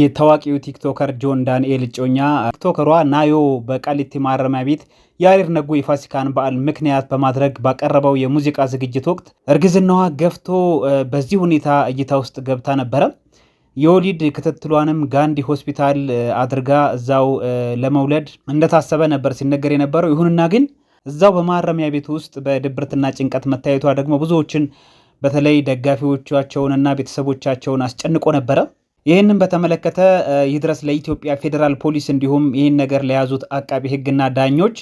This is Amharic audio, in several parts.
የታዋቂው ቲክቶከር ጆን ዳንኤል እጮኛ ቲክቶከሯ ናዮ በቃሊቲ ማረሚያ ቤት የአሪር ነጉ የፋሲካን በዓል ምክንያት በማድረግ ባቀረበው የሙዚቃ ዝግጅት ወቅት እርግዝናዋ ገፍቶ በዚህ ሁኔታ እይታ ውስጥ ገብታ ነበረ። የወሊድ ክትትሏንም ጋንዲ ሆስፒታል አድርጋ እዛው ለመውለድ እንደታሰበ ነበር ሲነገር የነበረው። ይሁንና ግን እዛው በማረሚያ ቤት ውስጥ በድብርትና ጭንቀት መታየቷ ደግሞ ብዙዎችን በተለይ ደጋፊዎቻቸውንና ቤተሰቦቻቸውን አስጨንቆ ነበረ። ይህንን በተመለከተ ይድረስ ለኢትዮጵያ ፌዴራል ፖሊስ እንዲሁም ይህን ነገር ለያዙት አቃቢ ሕግና ዳኞች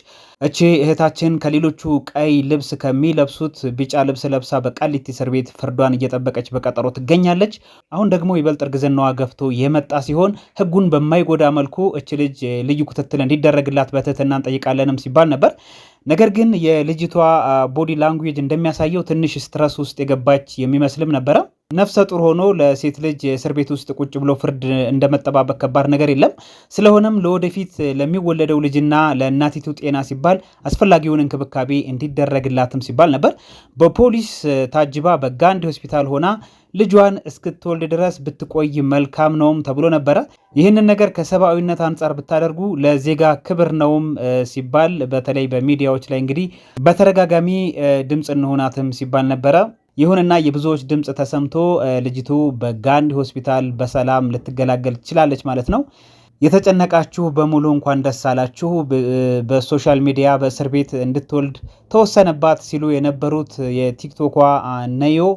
እቺ እህታችን ከሌሎቹ ቀይ ልብስ ከሚለብሱት ቢጫ ልብስ ለብሳ በቃሊቲ እስር ቤት ፍርዷን እየጠበቀች በቀጠሮ ትገኛለች። አሁን ደግሞ ይበልጥ እርግዝናዋ ገፍቶ የመጣ ሲሆን ሕጉን በማይጎዳ መልኩ እች ልጅ ልዩ ክትትል እንዲደረግላት በትህትና እንጠይቃለንም ሲባል ነበር። ነገር ግን የልጅቷ ቦዲ ላንጉጅ እንደሚያሳየው ትንሽ ስትረስ ውስጥ የገባች የሚመስልም ነበረ። ነፍሰ ጡር ሆኖ ለሴት ልጅ እስር ቤት ውስጥ ቁጭ ብሎ ፍርድ እንደመጠባበቅ ከባድ ነገር የለም። ስለሆነም ለወደፊት ለሚወለደው ልጅና ለእናቲቱ ጤና ሲባል አስፈላጊውን እንክብካቤ እንዲደረግላትም ሲባል ነበር በፖሊስ ታጅባ በጋንድ ሆስፒታል ሆና ልጇን እስክትወልድ ድረስ ብትቆይ መልካም ነውም ተብሎ ነበረ። ይህንን ነገር ከሰብአዊነት አንጻር ብታደርጉ ለዜጋ ክብር ነውም ሲባል በተለይ በሚዲያዎች ላይ እንግዲህ በተደጋጋሚ ድምፅ እንሆናትም ሲባል ነበረ። ይሁንና የብዙዎች ድምፅ ተሰምቶ ልጅቱ በጋንዲ ሆስፒታል በሰላም ልትገላገል ትችላለች ማለት ነው። የተጨነቃችሁ በሙሉ እንኳን ደስ አላችሁ። በሶሻል ሚዲያ በእስር ቤት እንድትወልድ ተወሰነባት ሲሉ የነበሩት የቲክቶኳ ነዮ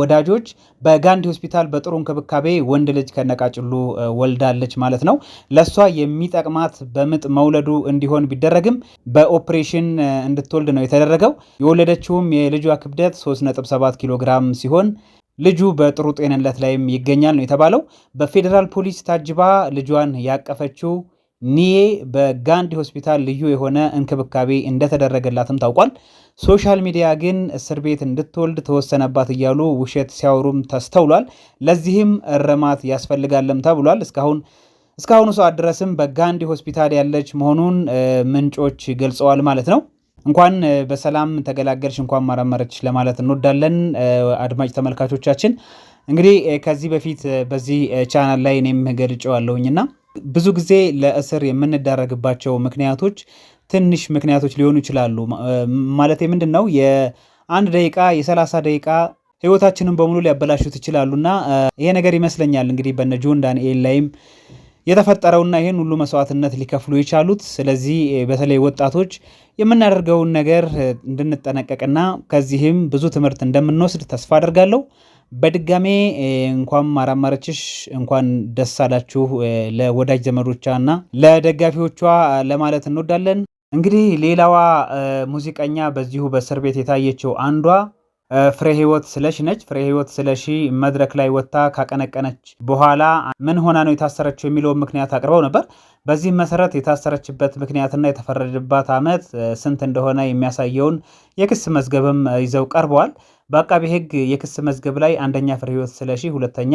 ወዳጆች በጋንዲ ሆስፒታል በጥሩ እንክብካቤ ወንድ ልጅ ከነቃጭሉ ወልዳለች ማለት ነው። ለእሷ የሚጠቅማት በምጥ መውለዱ እንዲሆን ቢደረግም በኦፕሬሽን እንድትወልድ ነው የተደረገው። የወለደችውም የልጇ ክብደት 3.7 ኪሎ ግራም ሲሆን ልጁ በጥሩ ጤንነት ላይም ይገኛል ነው የተባለው። በፌዴራል ፖሊስ ታጅባ ልጇን ያቀፈችው ኒዬ በጋንዲ ሆስፒታል ልዩ የሆነ እንክብካቤ እንደተደረገላትም ታውቋል። ሶሻል ሚዲያ ግን እስር ቤት እንድትወልድ ተወሰነባት እያሉ ውሸት ሲያወሩም ተስተውሏል። ለዚህም እርማት ያስፈልጋለም ተብሏል። እስካሁን እስካሁኑ ሰዓት ድረስም በጋንዲ ሆስፒታል ያለች መሆኑን ምንጮች ገልጸዋል ማለት ነው። እንኳን በሰላም ተገላገልሽ፣ እንኳን ማረመረች ለማለት እንወዳለን አድማጭ ተመልካቾቻችን። እንግዲህ ከዚህ በፊት በዚህ ቻናል ላይ እኔም ገልጬዋለሁኝና ብዙ ጊዜ ለእስር የምንዳረግባቸው ምክንያቶች ትንሽ ምክንያቶች ሊሆኑ ይችላሉ። ማለት ምንድን ነው የአንድ ደቂቃ የሰላሳ ደቂቃ ህይወታችንን በሙሉ ሊያበላሹት እና ይሄ ነገር ይመስለኛል እንግዲህ በነ ጆን ዳንኤል ላይም የተፈጠረውና ይህን ሁሉ መስዋዕትነት ሊከፍሉ የቻሉት። ስለዚህ በተለይ ወጣቶች የምናደርገውን ነገር እንድንጠነቀቅና ከዚህም ብዙ ትምህርት እንደምንወስድ ተስፋ አደርጋለሁ። በድጋሜ እንኳን አራመረችሽ እንኳን ደስ አላችሁ ለወዳጅ ዘመዶቿ እና ለደጋፊዎቿ ለማለት እንወዳለን። እንግዲህ ሌላዋ ሙዚቀኛ በዚሁ በእስር ቤት የታየችው አንዷ ፍሬ ህይወት ስለሺ ነች። ፍሬ ህይወት ስለሺ መድረክ ላይ ወጥታ ካቀነቀነች በኋላ ምን ሆና ነው የታሰረችው የሚለውን ምክንያት አቅርበው ነበር። በዚህም መሰረት የታሰረችበት ምክንያትና የተፈረደባት ዓመት ስንት እንደሆነ የሚያሳየውን የክስ መዝገብም ይዘው ቀርበዋል። በአቃቢ ህግ የክስ መዝገብ ላይ አንደኛ ፍሬህይወት ስለሺ፣ ሁለተኛ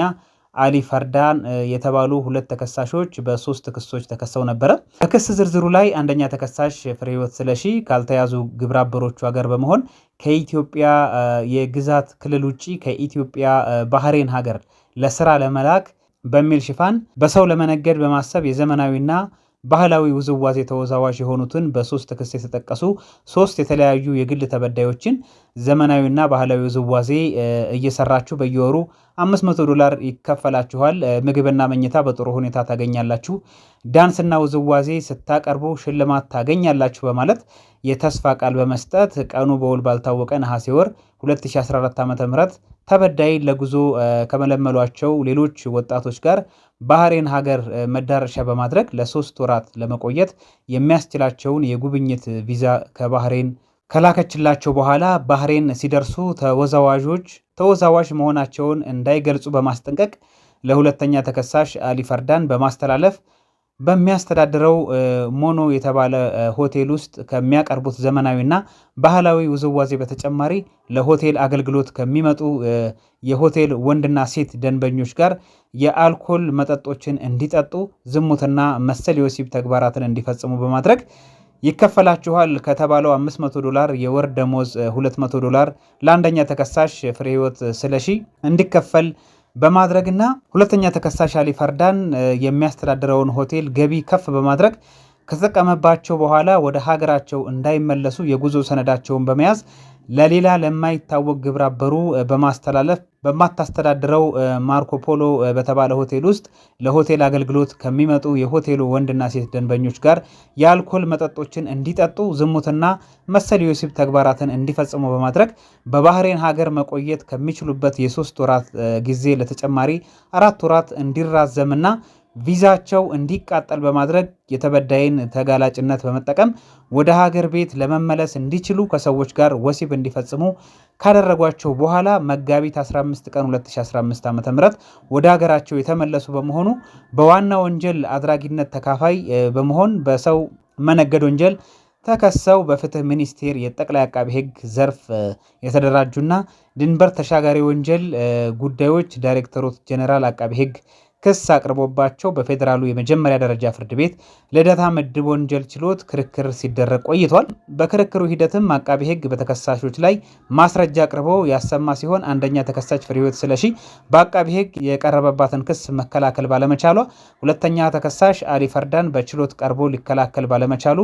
አሊ ፈርዳን የተባሉ ሁለት ተከሳሾች በሶስት ክሶች ተከሰው ነበረ። በክስ ዝርዝሩ ላይ አንደኛ ተከሳሽ ህይወት ስለሺ ካልተያዙ ግብረአበሮቹ ሀገር በመሆን ከኢትዮጵያ የግዛት ክልል ውጭ ከኢትዮጵያ ባህሬን ሀገር ለስራ ለመላክ በሚል ሽፋን በሰው ለመነገድ በማሰብ የዘመናዊና ባህላዊ ውዝዋዜ ተወዛዋዥ የሆኑትን በሶስት ክስ የተጠቀሱ ሶስት የተለያዩ የግል ተበዳዮችን ዘመናዊና ባህላዊ ውዝዋዜ እየሰራችሁ በየወሩ 500 ዶላር ይከፈላችኋል። ምግብና መኝታ በጥሩ ሁኔታ ታገኛላችሁ። ዳንስና ውዝዋዜ ስታቀርቡ ሽልማት ታገኛላችሁ በማለት የተስፋ ቃል በመስጠት ቀኑ በውል ባልታወቀ ነሐሴ ወር 2014 ም ተበዳይ ለጉዞ ከመለመሏቸው ሌሎች ወጣቶች ጋር ባህሬን ሀገር መዳረሻ በማድረግ ለሶስት ወራት ለመቆየት የሚያስችላቸውን የጉብኝት ቪዛ ከባህሬን ከላከችላቸው በኋላ ባህሬን ሲደርሱ ተወዛዋዦች ተወዛዋዥ መሆናቸውን እንዳይገልጹ በማስጠንቀቅ ለሁለተኛ ተከሳሽ አሊ ፈርዳን በማስተላለፍ በሚያስተዳድረው ሞኖ የተባለ ሆቴል ውስጥ ከሚያቀርቡት ዘመናዊና ባህላዊ ውዝዋዜ በተጨማሪ ለሆቴል አገልግሎት ከሚመጡ የሆቴል ወንድና ሴት ደንበኞች ጋር የአልኮል መጠጦችን እንዲጠጡ፣ ዝሙትና መሰል የወሲብ ተግባራትን እንዲፈጽሙ በማድረግ ይከፈላችኋል ከተባለው 500 ዶላር የወር ደሞዝ 200 ዶላር ለአንደኛ ተከሳሽ ፍሬህይወት ስለሺ እንዲከፈል በማድረግና ሁለተኛ ተከሳሽ አሊ ፈርዳን የሚያስተዳድረውን ሆቴል ገቢ ከፍ በማድረግ ከተጠቀመባቸው በኋላ ወደ ሀገራቸው እንዳይመለሱ የጉዞ ሰነዳቸውን በመያዝ ለሌላ ለማይታወቅ ግብረ አበሩ በማስተላለፍ በማታስተዳድረው ማርኮ ፖሎ በተባለ ሆቴል ውስጥ ለሆቴል አገልግሎት ከሚመጡ የሆቴሉ ወንድና ሴት ደንበኞች ጋር የአልኮል መጠጦችን እንዲጠጡ ዝሙትና መሰል የወሲብ ተግባራትን እንዲፈጽሙ በማድረግ በባህሬን ሀገር መቆየት ከሚችሉበት የሶስት ወራት ጊዜ ለተጨማሪ አራት ወራት እንዲራዘምና ቪዛቸው እንዲቃጠል በማድረግ የተበዳይን ተጋላጭነት በመጠቀም ወደ ሀገር ቤት ለመመለስ እንዲችሉ ከሰዎች ጋር ወሲብ እንዲፈጽሙ ካደረጓቸው በኋላ መጋቢት 15 ቀን 2015 ዓ ም ወደ ሀገራቸው የተመለሱ በመሆኑ በዋና ወንጀል አድራጊነት ተካፋይ በመሆን በሰው መነገድ ወንጀል ተከሰው በፍትህ ሚኒስቴር የጠቅላይ አቃቢ ሕግ ዘርፍ የተደራጁና ድንበር ተሻጋሪ ወንጀል ጉዳዮች ዳይሬክተሮት ጀኔራል አቃቢ ሕግ ክስ አቅርቦባቸው በፌዴራሉ የመጀመሪያ ደረጃ ፍርድ ቤት ልደታ ምድብ ወንጀል ችሎት ክርክር ሲደረግ ቆይቷል። በክርክሩ ሂደትም አቃቢ ሕግ በተከሳሾች ላይ ማስረጃ አቅርቦ ያሰማ ሲሆን አንደኛ ተከሳሽ ፍሬሕይወት ስለሺ በአቃቢ ሕግ የቀረበባትን ክስ መከላከል ባለመቻሏ፣ ሁለተኛ ተከሳሽ አሊ ፈርዳን በችሎት ቀርቦ ሊከላከል ባለመቻሉ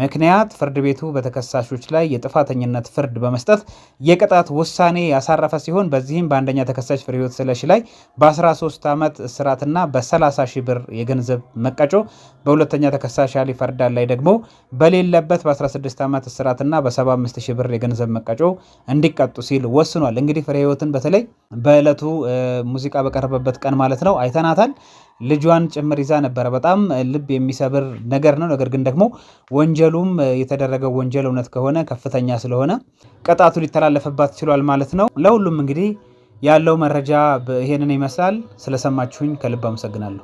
ምክንያት ፍርድ ቤቱ በተከሳሾች ላይ የጥፋተኝነት ፍርድ በመስጠት የቅጣት ውሳኔ ያሳረፈ ሲሆን በዚህም በአንደኛ ተከሳሽ ፍሬሕይወት ስለሺ ላይ በ13 ዓመት እስራትና በ30 ሺህ ብር የገንዘብ መቀጮ፣ በሁለተኛ ተከሳሽ አሊ ፈርዳን ላይ ደግሞ በሌለበት በ16 ዓመት እስራትና በ75 ሺህ ብር የገንዘብ መቀጮ እንዲቀጡ ሲል ወስኗል። እንግዲህ ፍሬሕይወትን በተለይ በዕለቱ ሙዚቃ በቀረበበት ቀን ማለት ነው አይተናታል። ልጇን ጭምር ይዛ ነበረ። በጣም ልብ የሚሰብር ነገር ነው። ነገር ግን ደግሞ ወንጀል ወንጀሉም የተደረገው ወንጀል እውነት ከሆነ ከፍተኛ ስለሆነ ቅጣቱ ሊተላለፍባት ችሏል ማለት ነው። ለሁሉም እንግዲህ ያለው መረጃ ይሄንን ይመስላል። ስለሰማችሁኝ ከልብ አመሰግናለሁ።